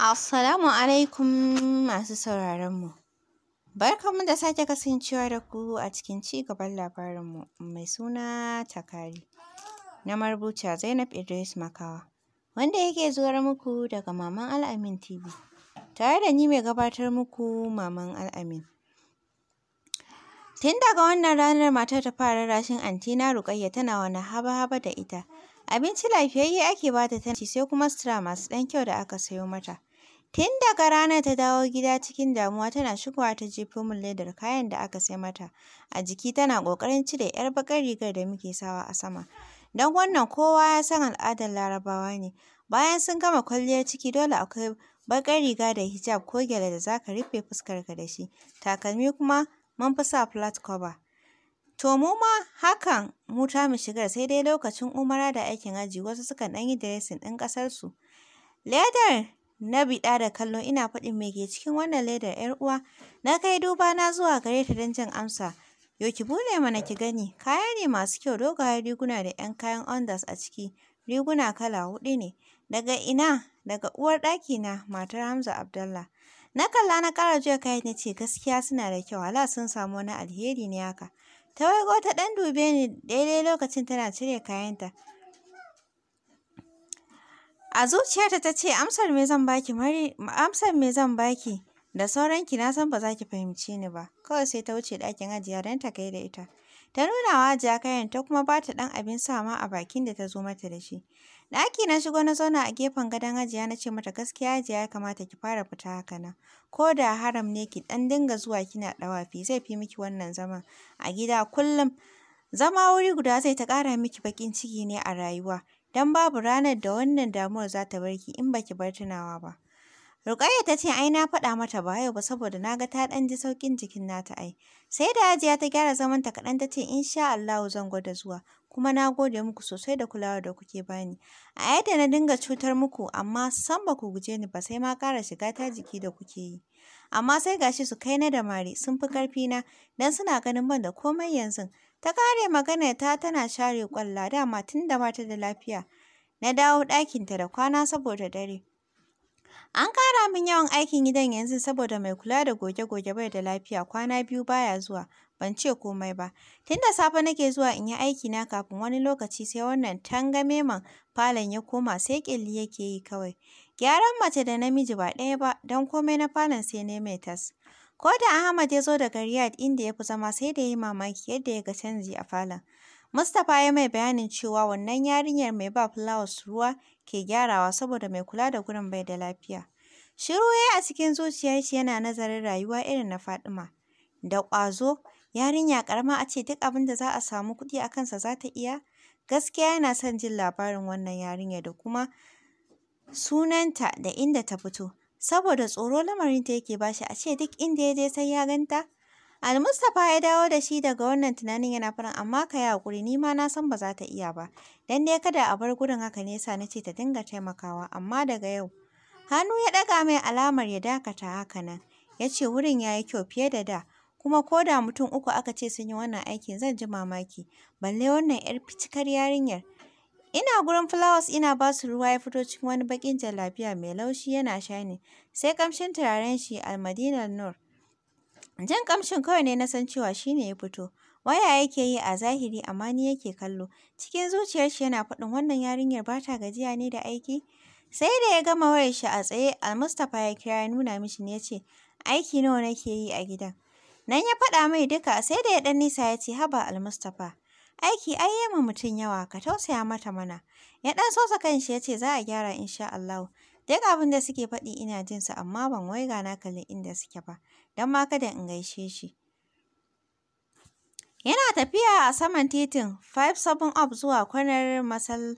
Assalamu alaikum masu sauraronmu. Barkanmu da sake kasancewa da ku a cikin ci gaban labarinmu mai suna Takari na marubuta Zainab Idris Makawa wanda yake zuwar muku daga Maman Al'amin TV tare da ni mai gabatar muku Maman Al'amin. Tun daga wannan ranar matar ta fara rashin antina Rukayya tana wani haba-haba da ita. Abinci lafiyayye ake bata tana sai kuma sutura masu ɗan kyau da aka sayo mata. Tun daga ranar ta dawo gida cikin damuwa tana shigowa ta jefo min ledar kayan da aka sai mata a jiki tana ƙoƙarin cire 'yar baƙar rigar da muke sawa a sama. Don wannan kowa ya san al'adar Larabawa ne. Bayan sun gama kwalliyar ciki dole akwai baƙar riga da hijab ko gyale da za ka rufe ka da shi. Takalmi kuma mun fi sa flat cover. To mu ma hakan mu ta mu shigar sai dai lokacin umara da aikin aji wasu sukan ɗan yi dressing ɗin ƙasarsu. Ledar na biɗa da kallo ina faɗin me ke cikin wannan ledar ‘yar uwa. Na kai duba na zuwa gare ta don jin amsa. Yo ki bude mana ki gani, kaya ne masu kyau dogayen riguna da ‘yan kayan ondas a ciki, riguna kala huɗu ne. Daga ina? Daga uwar ɗakina, matar Hamza Abdallah. Na kalla na ƙara jiya kayan na ce gaskiya suna da kyau, hala sun samu wani alheri ne haka. Ta waigo ta ɗan dube ni daidai lokacin tana cire kayanta. A zuciyarta ta ce, amsar me zan baki, amsar me zan baki, da sauranki na san ba za ki fahimci ni ba. Kawai sai ta wuce ɗakin ajiya don ta kai da ita. Ta nuna wa ajiya kayan ta kuma ba ta ɗan abin sa ma a bakin da ta zo mata da shi. Ɗaki na shigo na zauna a gefen gadon ajiya na ce mata gaskiya ajiya ya kamata ki fara fita haka nan. Ko da haram ne ki ɗan dinga zuwa kina ɗawafi zai fi miki wannan zaman a gida kullum. Zama wuri guda zai ta ƙara miki baƙin ciki ne a rayuwa. don babu ranar da wannan damuwar za ta bar in baki ki bar tunawa ba. Rukayya ta ce ai na faɗa mata ba yau ba saboda na ga ta ɗan ji sauƙin jikin nata ai. Sai da Hajiya ta gyara zaman ta kaɗan ta ce in sha Allahu zan gwada zuwa kuma na gode muku sosai da kulawa da kuke bani. A yadda na dinga cutar muku amma san ba ku guje ni ba sai ma ƙara shiga ta jiki da kuke yi. Amma sai gashi su kai na da mari sun fi ƙarfi na dan suna ganin ban da komai yanzu. Ta kare maganar ta tana share kwalla dama tun da bata da lafiya. Na dawo ɗakinta da kwana saboda dare. An ƙara min yawan aikin gidan yanzu saboda mai kula da goge-goge bai da lafiya kwana biyu baya zuwa. Ban ce komai ba. Tun da safe nake zuwa in yi aikina kafin wani lokaci sai wannan tangameman falon ya koma sai ƙyalli yake yi kawai. Gyaran mace da namiji ba ɗaya ba don komai na falon sai na mai tas. Ko da Ahmad ya zo daga Riyadh inda ya fi zama sai da ya yi mamaki yadda ya ga canji a falon. Mustapha ya mai bayanin cewa wannan yarinyar mai ba fulawas ruwa ke gyarawa saboda mai kula da gurin bai da lafiya. Shiru ya a cikin zuciyar shi yana nazarin rayuwa irin na Fadima. Da ƙwazo, yarinya ƙarama a ce duk abin da za a samu kuɗi a kansa za ta iya. Gaskiya yana son jin labarin wannan yarinya da kuma sunanta da inda ta fito. saboda tsoro lamarin ta yake bashi a ce duk inda ya je sai ya ganta. Almustapha ya dawo da shi daga wannan tunanin yana farin amma ka yi hakuri ni ma na san ba za ta iya ba. Dan dai kada a bar gurin haka nesa na ce ta dinga taimakawa amma daga yau. Hannu ya ɗaga mai alamar ya dakata haka nan. Ya ce wurin ya yi kyau fiye da da. Kuma ko da mutum uku aka ce sun yi wannan aikin zan ji mamaki. Balle wannan 'yar fitikar yarinyar. Ina gurin flowers ina ba ruwa ya fito cikin wani baƙin jallabiya mai laushi yana shani, sai ƙamshin turaren shi Almadinar Nur. Jin ƙamshin kawai ne na san cewa shine ya fito. Waya yake yi a zahiri amma ni yake kallo. Cikin zuciyar shi yana faɗin wannan yarinyar ba ta gajiya ne da aiki. Sai da ya gama wayar shi a tsaye Almustapha ya kira ya nuna mishi ne ya aiki nawa nake yi a gidan. Nan ya faɗa mai duka sai da ya ɗan nisa ya ce haba Almustapha. Aiki ai yi ma mutum yawa, ka tausaya mata mana. Ya ɗan sosa kanshi ya ce za a gyara insha Allahu. Duk abin da suke faɗi ina jin su amma ban wai na kalli inda suke ba, don ma kada in gaishe shi. Yana tafiya a saman titin 57 up zuwa kwanar masal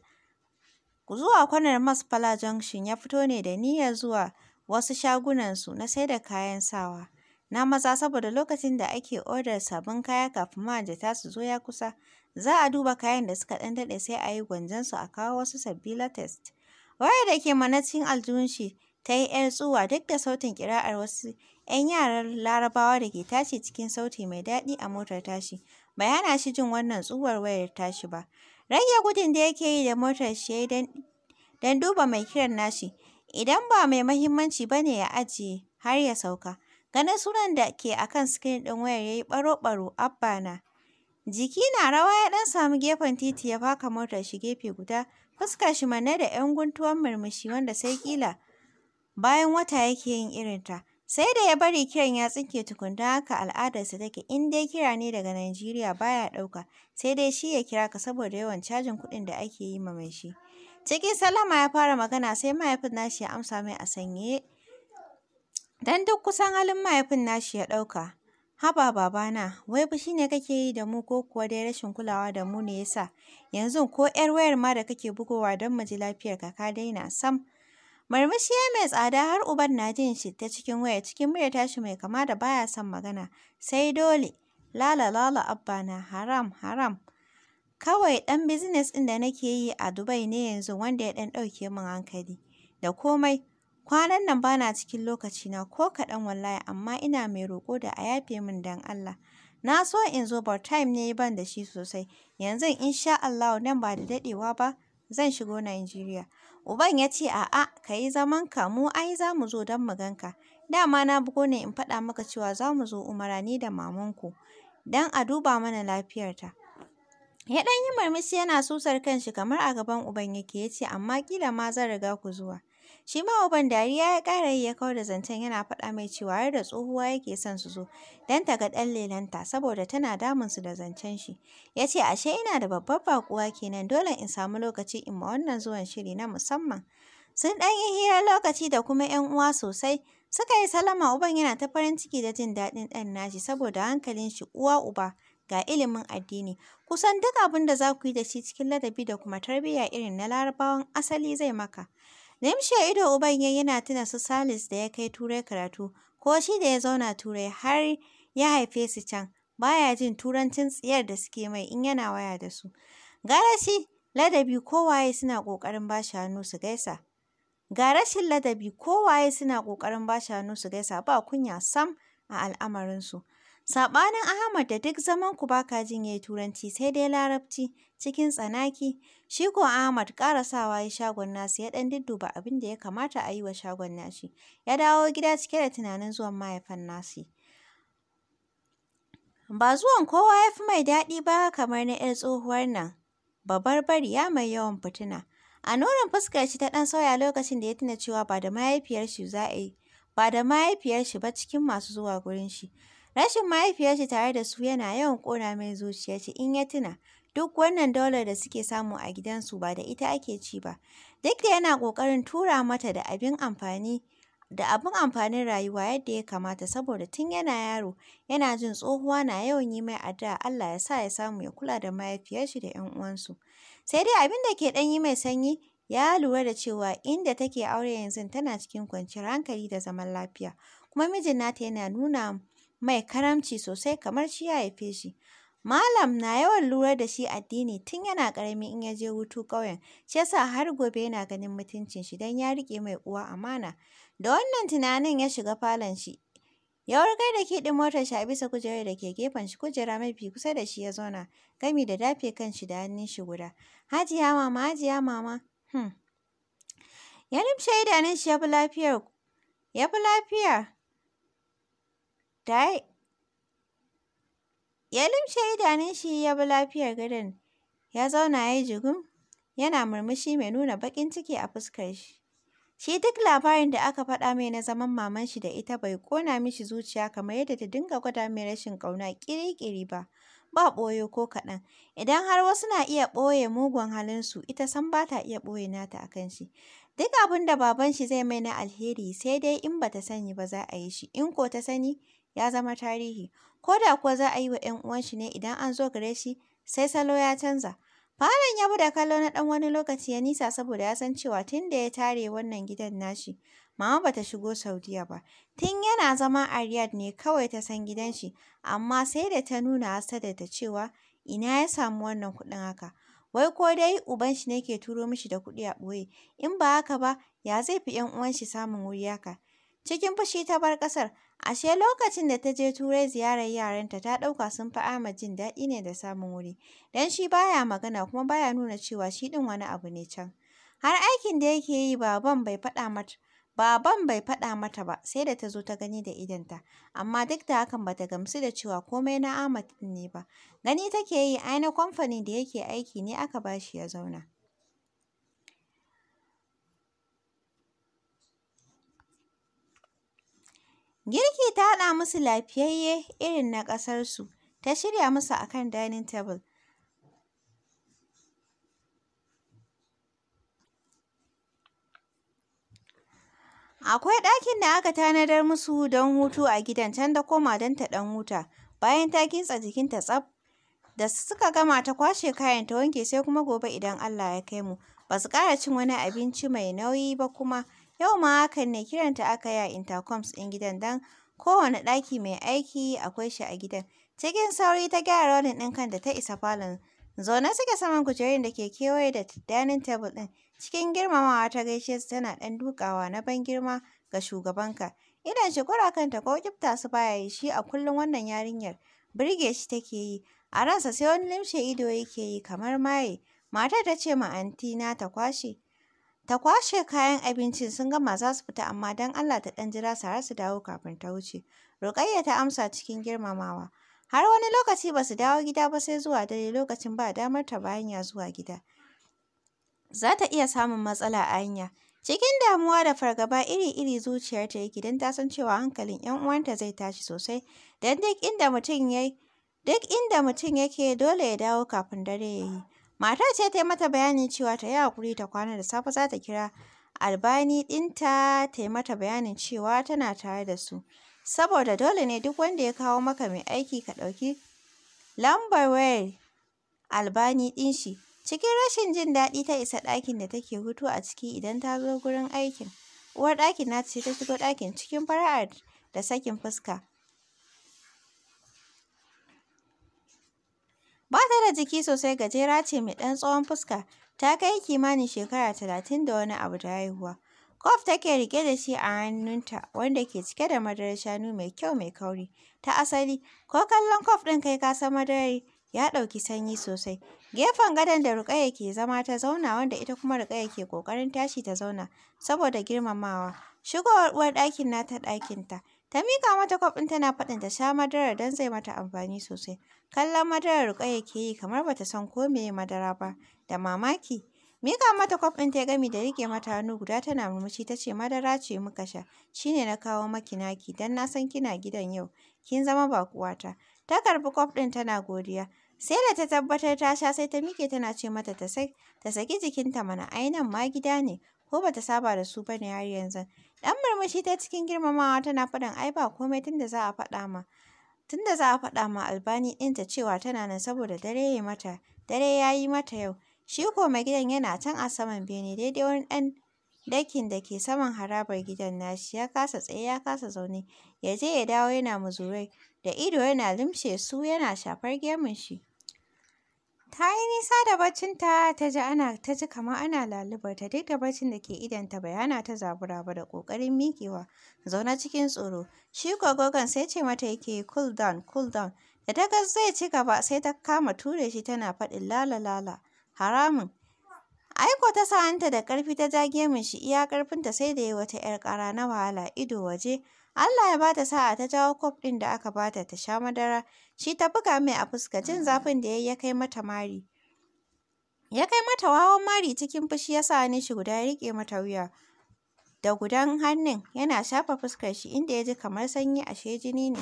zuwa kwanar Junction ya fito ne da niyyar zuwa wasu shagunan su na sai da kayan sawa. Na maza saboda lokacin da ake odar sabbin kaya kafin ma'ajata su zo ya kusa. Za a duba kayan da suka ɗan sai a yi gwanjan su a kawo wasu sabbi latest. Wayar da ke mana cikin aljihun ta yi ‘yar tsuwa duk da sautin kira'ar wasu ‘yan yaran larabawa da ke tashi cikin sauti mai daɗi a motar tashi. Bai hana shi jin wannan tsuwar wayar tashi ba. Rage gudun da yake yi da motar shi don duba mai kiran nashi. Idan ba mai mahimmanci ba ne ya ajiye har ya sauka. Ganin sunan da ke akan sikirin ɗin wayar ya yi ɓaro-ɓaro Abba na. Jiki na rawa ya ɗan samu gefen titi ya faka motar shi gefe guda, fuska shi manne da 'yan guntuwan murmushi wanda sai kila bayan wata yake yin irin ta Sai da ya bari kiran ya tsinke tukun don haka al'adarsa take in dai kira ne daga Najeriya baya ɗauka sai dai shi ya kira ka saboda yawan cajin kuɗin da ake yi ma mai shi. ciki salama ya fara magana sai mahaifin nashi ya amsa mai a sanye Dan duk kusan halin mahaifin nashi ya ɗauka. Haba babana, wai fushi ne kake yi da mu ko kuwa dai rashin kulawa da mu ne yasa? Yanzu ko ‘yar wayar ma da kake bugowa don mu ji lafiyar ka ka daina sam. Marmashi ya mai tsada har uban na jin shi ta cikin waya cikin murya tashi mai kama da baya son magana. Sai dole, lala lala abba na haram haram. Kawai ɗan bizines ɗin da nake yi a Dubai ne yanzu wanda ya ɗan ɗauke min hankali da komai. Kwanan nan bana na cikin lokacina ko kaɗan wallahi amma ina mai roƙo da a yafe min don Allah. Na so in zo but time ne ban da shi sosai. Yanzu in sha Allahu nan ba da daɗewa ba zan shigo Najeriya. Uban ya ce a'a ka yi zamanka mu ai za mu zo don mu ganka ma Dama na bugo ne in faɗa maka cewa za mu zo Umara ni da mamanku don a duba mana lafiyarta. Ya ɗan yi murmushi yana susar kanshi kamar a gaban uban yake ya ce amma ƙila ma zan riga ku zuwa. Shi ma uban dariya ya ƙara yi ya kawar da zancen yana faɗa mai cewa har da tsohuwa yake son su zo don ta ga ɗan lelanta saboda tana damun su da zancen shi. Ya ce ashe ina da babbar baƙuwa kenan dole in samu lokaci in ma wannan zuwan shiri na musamman. Sun ɗan yi hirar lokaci da kuma 'yan uwa sosai. Suka yi salama uban yana ta farin ciki da jin daɗin ɗan nashi saboda hankalin shi uwa uba ga ilimin addini. Kusan duk abin da za ku yi da shi cikin ladabi da kuma tarbiyya irin na larabawan asali zai maka. Limshe ido uban yana tuna su Salis da ya kai Turai karatu, ko shi da ya zauna Turai har ya haife su can, baya jin turancin tsiyar da suke mai in yana waya da su. Gara shi ladabi kowaye suna ƙoƙarin ba shi hannu su gaisa. Ga rashin ladabi kowaye suna ƙoƙarin ba shi hannu su gaisa ba kunya sam a al'amarinsu. Saɓanin Ahmad da duk zaman ku ba ka jin ya Turanci sai dai Larabci cikin tsanaki, shi ko Ahmad ƙarasawa ya shagon nasu ya ɗan dudduba abin da ya kamata a yi wa shagon nashi, ya dawo gida cike da tunanin zuwan mahaifan nasu. Ba zuwan kowa ya fi mai daɗi ba kamar na 'yar tsohuwar nan, babbar bariya mai yawan fitina. A nurin fuskar shi ta ɗan sauya lokacin da ya tuna cewa ba da mahaifiyar shi za a yi, ba da mahaifiyar shi ba cikin masu zuwa gurin shi. Rashin mahaifiyarshi tare da su yana yawan ƙona mai zuciyarshi in ya tuna duk wannan daular da suke samu a gidansu ba da ita ake ci ba. Duk da yana ƙoƙarin tura mata da abin amfani da abin amfanin rayuwa yadda ya kamata saboda tun yana yaro yana jin tsohuwa na yawan yi mai addu'a Allah ya sa ya samu ya kula da mahaifiyarshi da 'yan uwansu. Sai dai abin da ke ɗan yi mai sanyi ya lura da cewa inda take aure yanzu tana cikin kwanciyar hankali da zaman lafiya kuma mijin nata yana nuna mai karamci sosai kamar shi ya haife shi. Malam na yawan lura da shi addini tun yana ƙarami in ya je hutu ƙauyen, shi yasa har gobe yana ganin mutuncin shi don ya riƙe mai uwa amana. Da wannan tunanin ya shiga falon shi, ya warkar da kiɗin motar shi a bisa kujerar da ke gefen shi kujera mafi kusa da shi ya zauna, gami da dafe kan shi da hannun shi guda. Hajiya mama, hajiya mama, hmm. Ya rufe idanun shi ya fi lafiyar, ya fi lafiyar. Ya lumshe idanun shi ya bi lafiyar gadon, ya zauna ya yi jigum, yana murmushi mai nuna baƙin ciki a fuskar shi. Shi duk labarin da aka faɗa mai na zaman maman shi da ita bai ƙona mishi zuciya kamar yadda ta dinga gwada mai rashin ƙauna ƙiri-ƙiri ba, ba ɓoye ko kaɗan. Idan har wasu na iya ɓoye mugun halinsu, ita sam ba ta iya ɓoye nata a kan shi. Duk abin da baban shi zai mai na alheri sai dai in ba ta sani ba za a yi shi, in ko ta sani ya zama tarihi. Ko da kuwa za a yi wa 'yan uwanshi ne idan an zo gare shi, sai salo ya canza. Falon ya buɗe kallo na ɗan wani lokaci ya nisa saboda ya san cewa tun da ya tare wannan gidan nashi, mama ba ta shigo Saudiya ba. Tun yana zama a Riyadh ne kawai ta san gidan shi, amma sai da ta nuna da ta cewa ina ya samu wannan kuɗin haka. Wai ko dai uban shi ne ke turo mishi da kuɗi a ɓoye, in ba haka ba ya zai fi ‘yan uwan shi samun wuri haka. Cikin fushi ta bar ƙasar, Ashe lokacin da ta je Turai ziyarar yaranta ta ɗauka sun fi ama jin daɗi ne da samun wuri, don shi baya magana kuma baya nuna cewa shi ɗin wani abu ne can. Har aikin da yake yi baban bai faɗa mata baban bai faɗa mata ba sai da ta zo ta gani da idonta, amma duk da hakan bata gamsu da cewa komai na Ahmad ne ba. Gani take yi ai na kamfanin da yake aiki ne aka bashi ya zauna. Girki ta haɗa musu lafiyayye irin na ƙasarsu, ta shirya musu a kan dining table. Akwai ɗakin da aka tanadar musu don hutu a gidan, can ta koma don ta ɗan huta, bayan ta kintsa jikinta tsaf. Da suka gama ta kwashe kayan ta wanke sai kuma gobe idan Allah ya kai mu. Ba su ƙara cin wani abinci mai nauyi ba kuma. Yau ma hakan ne, kiranta aka yi a intercoms ɗin gidan don kowane ɗaki mai aiki akwai shi a gidan. Cikin sauri ta gyara wani ɗin kan da ta isa falon. Zaune suke saman kujerun da ke kewaye da dining table ɗin. Cikin girmamawa ta gaishe su tana ɗan dukawa na ban girma ga shugabanka. Idan shi kanta ko kifta su baya yi shi a kullum wannan yarinyar. Birge shi take yi. A ransa sai wani limshe ido yake yi kamar maye. Matar ta ce ma anti na ta kwashe. Ta kwashe kayan abinci sun gama za su fita amma don Allah ta ɗan jira Sara su dawo kafin ta wuce. Rukayya ta amsa cikin girmamawa. Har wani lokaci ba su dawo gida ba sai zuwa dare lokacin ba damar ta bayan ya zuwa gida. Za ta iya samun matsala a hanya. Cikin damuwa da fargaba iri-iri zuciyarta yake don ta san cewa hankalin 'yan uwanta zai tashi sosai don duk inda mutum yake dole ya dawo kafin dare ya yi. Matar ce ta yi mata bayanin cewa ta yi haƙuri ta kwana da safe za ta kira albani ɗinta ta yi mata bayanin cewa tana tare da su. Saboda dole ne duk wanda ya kawo maka mai aiki ka ɗauki lambar wayar albani ɗin shi. Cikin rashin jin daɗi ta isa ɗakin da take hutu a ciki idan ta zo gurin aikin. Uwar ɗakin nata ce ta shigo ɗakin cikin fara'a da sakin fuska. Ba ta da jiki sosai gajera ce mai ɗan tsawon fuska, ta kai kimanin shekara talatin da wani abu da haihuwa. Kof take riƙe da shi a hannunta wanda ke cike da madarar shanu mai kyau mai kauri ta asali, ko kallon kof ɗin kai ka san madarar ya ɗauki sanyi sosai. Gefen gadon da Ruƙayya ke zama ta zauna wanda ita kuma Ruƙayya ke ƙoƙarin tashi ta zauna saboda girmamawa. Shigowar uwar ɗakin nata ɗakinta Ta mika mata kwaf ɗin tana faɗin ta sha madara don zai mata amfani sosai. Kallon madarar Ruƙayya ke yi kamar bata san ko meye madara ba, da mamaki. mika mata kwaf ɗin ta gami da riƙe mata hannu guda tana murmushi tace madara ce muka sha, shine na kawo maki naki don na san kina gidan yau, kin zama ba baƙuwata. Ta karbi kwaf ɗin tana godiya. Sai da ta tabbatar ta sha sai ta mike tana ce mata ta saki jikinta mana ainan ma gida ne, ko bata saba da su bane har yanzu. Ɗan murmushi ta cikin girmamawa tana faɗin ai ba komai tunda za a faɗa ma. Tunda za a ma albani ɗinta cewa tana nan saboda dare ya mata, dare ya yi mata yau. Shi ko mai gidan yana can a saman bene daidai wani ɗan dakin da ke saman harabar gidan nashi ya kasa tsaye ya kasa zaune ya je ya dawo yana muzurai da ido yana limshe su yana shafar gemun shi. Ta yi nisa da baccinta ta ji ana ta ji kama ana ta duk da baccin da ke idanta bai hana ta zabura ba da kokarin mikewa zauna cikin tsoro. Shi gogon sai ce mata yake cool down cool down da ta zai ci gaba sai ta kama ture shi tana faɗin lala lala haramun. Aiko ta sa hanta da karfi ta ja gemun shi iya karfinta sai da yi wata 'yar kara na wahala ido waje. Allah ya bata sa'a ta jawo kwaf ɗin da aka bata ta sha madara shi ta buga mai a fuska jin ah. zafin da ya kai mata mari. Ya kai mata wawan mari cikin fushi ya sa shi guda ya riƙe mata wuya. Da gudan hannun yana shafa fuskar shi inda ya ji kamar sanyi ashe jini ne.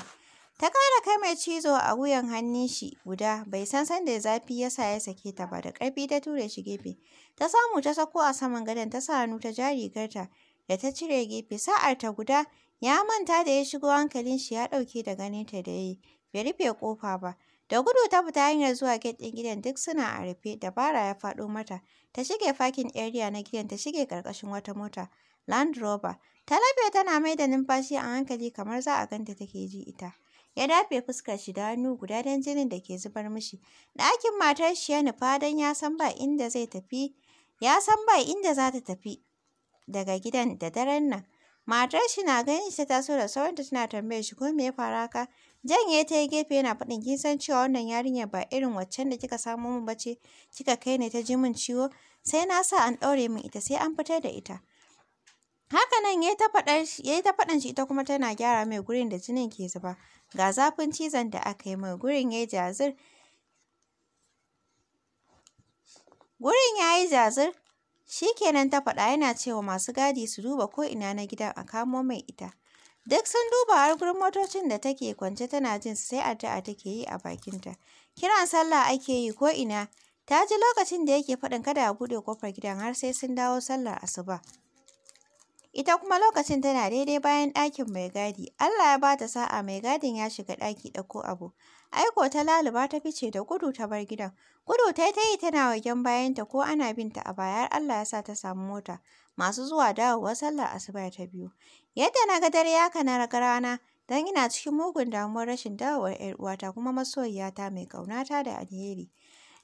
Ta kara kai mai cizo a wuyan hannun shi guda bai san sanda zafi ya sa ya sake ta ba da ƙarfi ta ture shi gefe. Ta samu ta sako a saman gadon ta sa hannu ta ja rigarta da ta cire gefe sa'ar ta guda ya manta da ya shigo hankalin shi ya ɗauke da ganin ta da yayi. bai rufe kofa ba. Da gudu ta fita hanyar zuwa gate ɗin gidan duk suna a rufe, dabara ya faɗo mata. Ta shige fakin area na gidan ta shige ƙarƙashin wata mota, Land Rover. Ta tana mai da numfashi a hankali kamar za a ganta take ji ita. Ya dafe fuskar shi da hannu guda don jinin da ke zubar mishi. Ɗakin matar shi ya nufa don ya san ba inda zai tafi, ya san ba inda za ta tafi daga gidan da daren nan. Matar shi na ganin shi ta taso da sauranta tana tambayar shi ko me ya faru haka Janye ta yi gefe yana faɗin kin san cewa wannan yarinyar ba irin waccan da kika samo min ba ce kika kai ne ta ji min ciwo sai na sa an ɗaure min ita sai an fitar da ita. Haka nan ya yi ta faɗan shi ita kuma tana gyara mai gurin da jinin ke zuba. Ga zafin cizon da aka yi mai gurin ya yi jazir. Gurin ya yi jazir shi kenan ta faɗa yana cewa masu gadi su duba ko ina na gidan a kamo mai ita. Duk sun duba har gurin motocin da take kwance tana jin su sai addu'a take yi a bakinta. Kiran sallah ake yi ko ina. Ta ji lokacin da yake faɗin kada a buɗe ƙofar gidan har sai sun dawo sallar asuba. Ita kuma lokacin tana daidai bayan ɗakin mai gadi. Allah ya bata sa'a mai gadin ya shiga ɗaki ɗauko abu. Aiko ta laluba ta fice da gudu ta bar gidan. Gudu ta ta yi tana wagen bayanta ko ana binta a baya har Allah ya sa ta samu mota. Masu zuwa dawowa Sallah asuba ta biyu. Yadda na ga dare ya kana raga rana dan ina cikin mugun damuwar rashin dawowar ‘yar uwata kuma masoyiyata mai ƙaunata da alheri.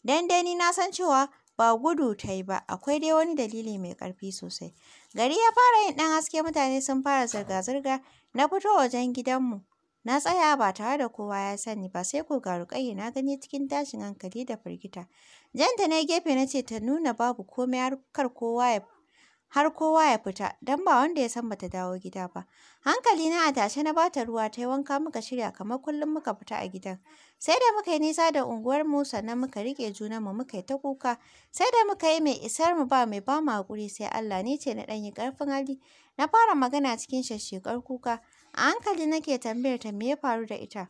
Dan dai na san cewa ba gudu ta yi ba, akwai dai wani dalili mai ƙarfi sosai. Gari ya fara yin ɗan haske mutane sun fara zirga-zirga, na fito wajen gidanmu. Na tsaya ba tare da kowa ya sani ba sai ko ga Rukayya na gani cikin tashin hankali da firgita. Janta na gefe na ce ta nuna babu komai har kar kowa ya har kowa ya fita don ba wanda ya san bata dawo gida ba. Hankali na a tashe na bata ruwa ta yi wanka muka shirya kamar kullum muka fita a gidan. Sai da muka yi nisa da unguwar Musa sannan muka riƙe mu muka yi ta kuka. Sai da muka yi mai isar mu ba mai ba mu haƙuri sai Allah ni ce na ɗan yi ƙarfin hali. Na fara magana cikin shashshekar kuka. A hankali nake tambayar ta me ya faru da ita.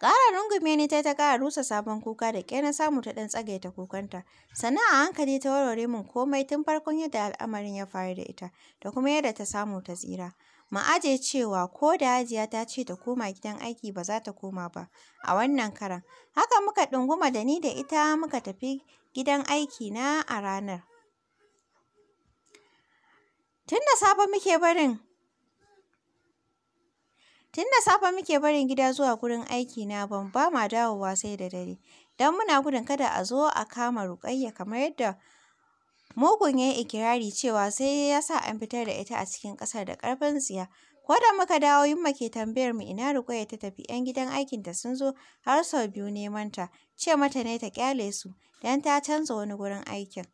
Ƙara rungume ne ta ta ƙara rusa sabon kuka da ke na samu ta ɗan tsagaita kukanta. Sannan a hankali ta warware mun komai tun farkon yadda al'amarin ya faru da ita da kuma yadda ta samu ta tsira. Ma'aje cewa ko da Hajiya ta ce ta koma gidan aiki ba za ta koma ba a wannan karan. Haka muka ɗunguma da ni da ita muka tafi gidan aiki na a ranar. Tun da safe muke barin Tun da safe muke barin gida zuwa gurin aiki na ban ba ma dawowa sai da dare. Don muna gudun kada a zo a kama Ruƙayya kamar yadda Mugun ya ikirari cewa sai ya sa an fitar da ita a cikin ƙasar da ƙarfin tsiya. Ko da muka dawo Yumma ke tambayar mu ina Ruƙayya ta tafi 'yan gidan aikin ta sun zo har sau biyu neman ta. Ce mata ne ta ƙyale su don ta canza wani gurin aikin.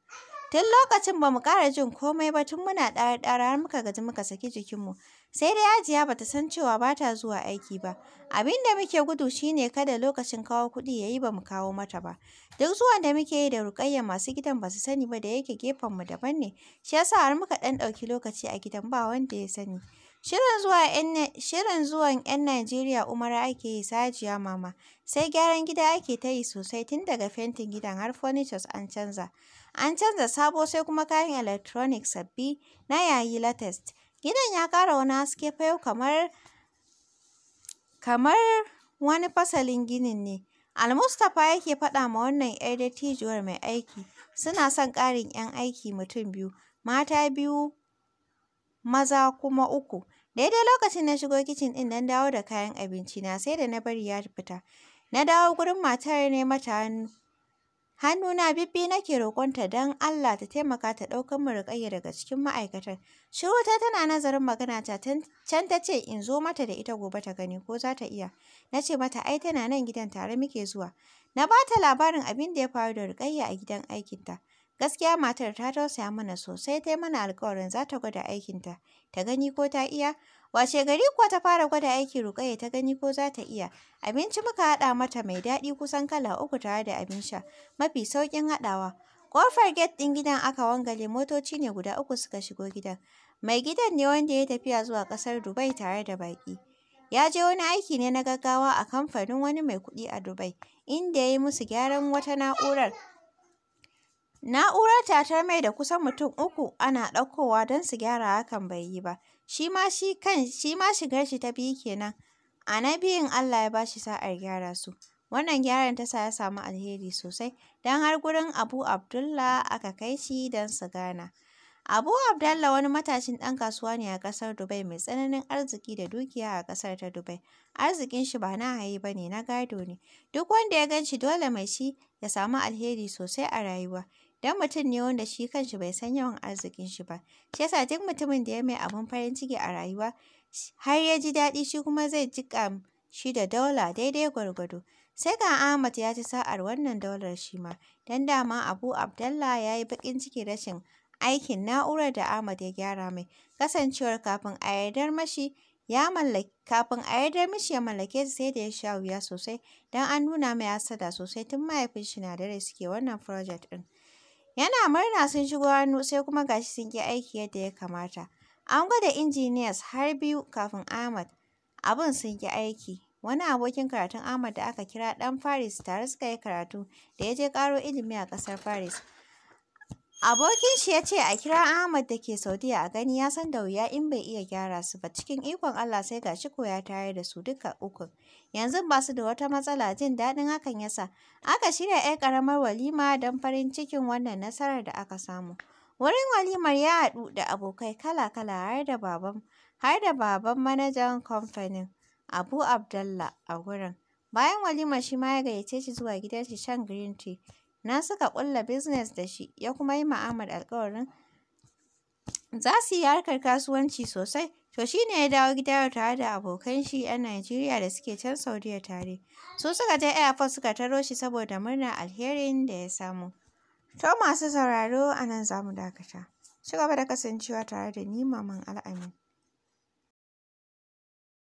Tun lokacin ba mu ƙara jin komai ba tun muna ɗare ɗara har muka gaji muka saki jikinmu. Sai dai ajiya ba ta san cewa ba ta zuwa aiki ba. Abin da muke gudu shine kada lokacin kawo kuɗi ya yi ba mu kawo mata ba. Duk zuwan da muke yi da Rukayya masu gidan ba su sani ba da yake gefenmu daban ne. Shi yasa har muka ɗan ɗauki lokaci a gidan ba wanda ya sani. Shirin zuwa shirin zuwan 'yan Najeriya Umara ake yi sajiya mama, sai gyaran gida ake ta yi sosai tun daga fentin gidan har furnitures an canza. An canza sabo sai kuma kayan electronics sabbi na yayi latest. Gidan ya ƙara wani haske fa yau kamar kamar wani fasalin ginin ne. Almustapha yake faɗa ma wannan 'yar dattijuwar mai aiki, suna son ƙarin 'yan aiki mutum biyu, mata biyu maza kuma uku. Daidai lokacin na shigo kicin ɗin don dawo da kayan abinci na sai da na bari ya fita. Na dawo gurin matar ne mata hannu. Hannuna bibbi nake roƙonta don Allah ta taimaka ta ɗaukar min riƙayya daga cikin ma'aikatan. Shiru ta tana nazarin maganata can ta ce in zo mata da ita gobe ta gani ko za ta iya. Na ce mata ai tana nan gidan tare muke zuwa. Na ba ta labarin abin da ya faru da riƙayya a gidan aikinta. Gaskiya matar ta tausaya mana sosai ta yi mana alƙawarin za ta gwada aikinta ta gani ko ta iya. Wace gari kuwa ta fara gwada aiki Rukayya ta gani ko za ta iya. Abinci muka haɗa mata mai daɗi kusan kala uku tare da abin sha, mafi saukin haɗawa. Ƙofar gate ɗin gidan aka wangale motoci ne guda uku suka shigo gidan. Mai gidan ne wanda ya tafiya zuwa ƙasar Dubai tare da baƙi. Ya je wani aiki ne na gaggawa a kamfanin wani mai kuɗi a Dubai, inda ya yi musu gyaran wata na'urar. Na'urar tatar mai da kusan mutum uku ana ɗaukowa don su gyara hakan bai yi ba. shi ma shi shigar shi ta biyu kenan, a na biyun Allah ya bashi sa'ar gyara su. Wannan gyaran ta sa ya samu alheri sosai, don har gurin Abu Abdullah aka kai shi don su gana. Abu Abdullah wani matashin ɗan kasuwa ne a ƙasar Dubai mai tsananin arziki da dukiya a ƙasar ta Dubai. Arzikin shi ba na hayi ba ne, na gado ne. Duk wanda ya ganshi dole mai shi ya samu alheri sosai a rayuwa. don mutum ne wanda shi kanshi bai san yawan arzikin shi ba. Shi yasa duk mutumin da ya mai abin farin ciki a rayuwa har ya ji daɗi shi kuma zai jiƙa shi da daula daidai gwargwado. Sai ga Ahmad ya ci sa'ar wannan daular shi ma, don dama Abu Abdallah ya yi baƙin ciki rashin aikin na'urar da Ahmad ya gyara mai, kasancewar kafin a yardar mashi ya mallaki kafin a yardar mishi ya mallake su sai da ya sha wuya sosai don an nuna mai hasada sosai tun mahaifin shi na dare suke wannan project ɗin. Yana murna sun shigo hannu sai kuma gashi sun yi aiki yadda ya kamata. An gwada injiniyas har biyu kafin Ahmad, abun sun yi aiki. Wani abokin karatun Ahmad da aka kira ɗan Faris tare suka yi karatu da ya je ƙaro ilimi a ƙasar Faris. Abokin shi ya ce a kira Ahmad da ke Saudiya a gani ya san da wuya in bai iya gyara su ba cikin ikon Allah sai gashi ko ya tayar da su duka ukun. yanzu ba su da wata matsala jin daɗin hakan ya sa aka shirya 'yar ƙaramar walima don farin cikin wannan nasarar da aka samu. Wurin walimar ya haɗu da abokai kala-kala har da baban har da baban manajan kamfanin Abu Abdallah a wurin. Bayan walimar shi ma ya gayyace shi zuwa gidan shi shan green tea. Na suka ƙulla business da shi ya kuma yi ma Ahmad alƙawarin za su yi harkar kasuwanci sosai To shi ne ya dawo gida yau tare da abokan shi 'yan Najeriya da suke can Saudiya tare. Su suka je airport suka taro shi saboda murnar alherin da ya samu. To masu sauraro a nan za mu dakata. Ci gaba da kasancewa tare da ni Maman Al'amin.